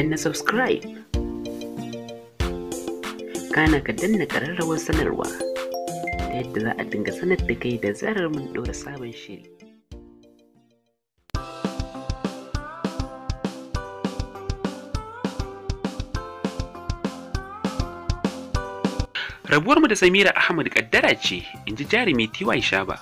danna subscribe kana ka danna ƙararrawar sanarwa ta yadda za a dinga sanar da kai da zarar mun ɗora sabon shiri rabuwar mu da samira ahmad kaddara ce in ji jarumi tiwon shaba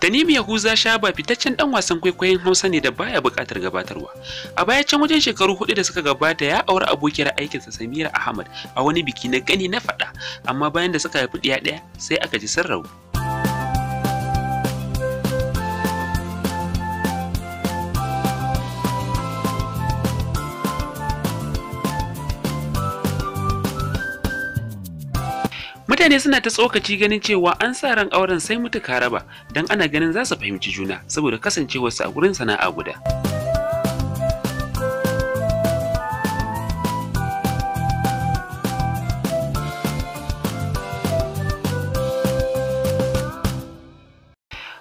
Tanimu Yahuza Shaba fitaccen dan wasan kwaikwayon Hausa ne da baya buƙatar gabatarwa. A baya can wajen shekaru hudu da suka gabata ya aure abokiyar aikinsa Samira Ahmad a wani biki na gani na faɗa, amma bayan da suka haifi ɗaya ɗaya sai aka ji sun Mutane suna ta tsokaci ganin cewa an sa ran auren sai mutu ka raba don ana ganin za su fahimci juna saboda kasancewarsu a gurin sana'a guda.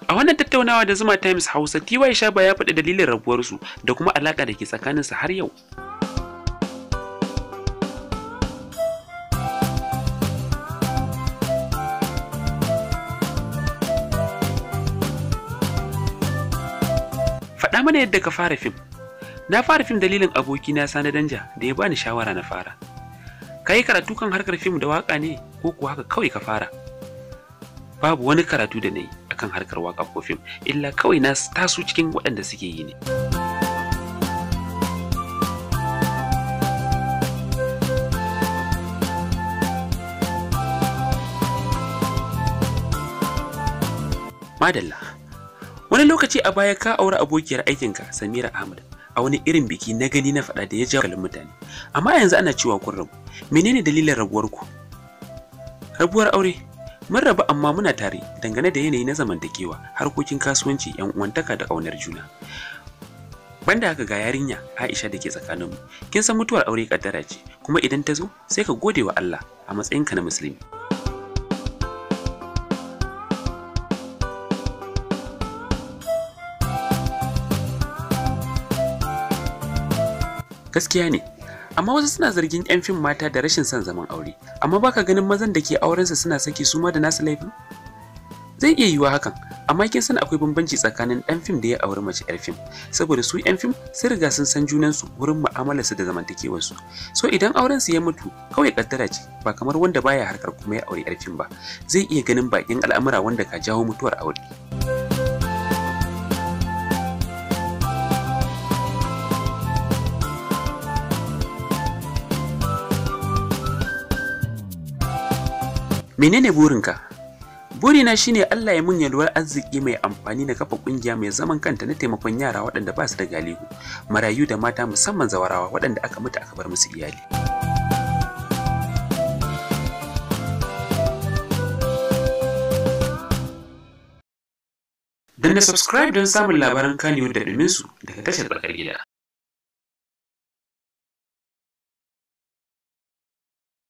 A wannan tattaunawa da Zuma Times Hausa, TY Shaba ya faɗi dalilin rabuwarsu da kuma alaƙa da ke tsakaninsu har yau. faɗa mana yadda ka fara fim na fara fim dalilin aboki na sani danja da ya bani shawara na fara ka yi karatu kan harkar fim da waka ne ko kuwa haka kawai ka fara babu wani karatu da na yi akan harkar waka ko fim illa kawai na taso cikin waɗanda suke yi ne madalla wani lokaci a baya ka aure abokiyar aikinka samira ahmad a wani irin biki na gani na faɗa da ya jawo kalin mutane amma yanzu ana cewa kun rabu menene dalilin rabuwar ku rabuwar aure mun rabu amma muna tare dangane da yanayi na zamantakewa harkokin kasuwanci yan uwantaka da ƙaunar juna banda haka ga yarinya Aisha da ke tsakaninmu kin san mutuwar aure kaddara ce kuma idan ta zo sai ka gode wa Allah a matsayinka na musulmi gaskiya ne amma wasu suna zargin 'yan fim mata da rashin son zaman aure amma baka ganin mazan da ke auren aurensa suna saki su ma da nasu laifin zai iya yiwuwa hakan amma kin san akwai bambanci tsakanin dan fim da ya auri mace yar fim saboda su yan fim sun riga sun san junansu wurin su da su so idan auren su ya mutu kawai kaddara ce ba kamar wanda baya harkar kuma ya auri yar fim ba zai iya ganin bakin al'amura wanda ka jawo mutuwar aure menene burinka burina shine Allah ya mun yalwar arziki mai amfani na kafa ƙungiya mai zaman kanta na taimakon yara waɗanda ba su da galihu marayu da mata musamman zawarawa waɗanda aka mutu aka bar musu iyali Dan na subscribe don samun labaran kaniyo da ɗuminsu daga tashar tsakar gida.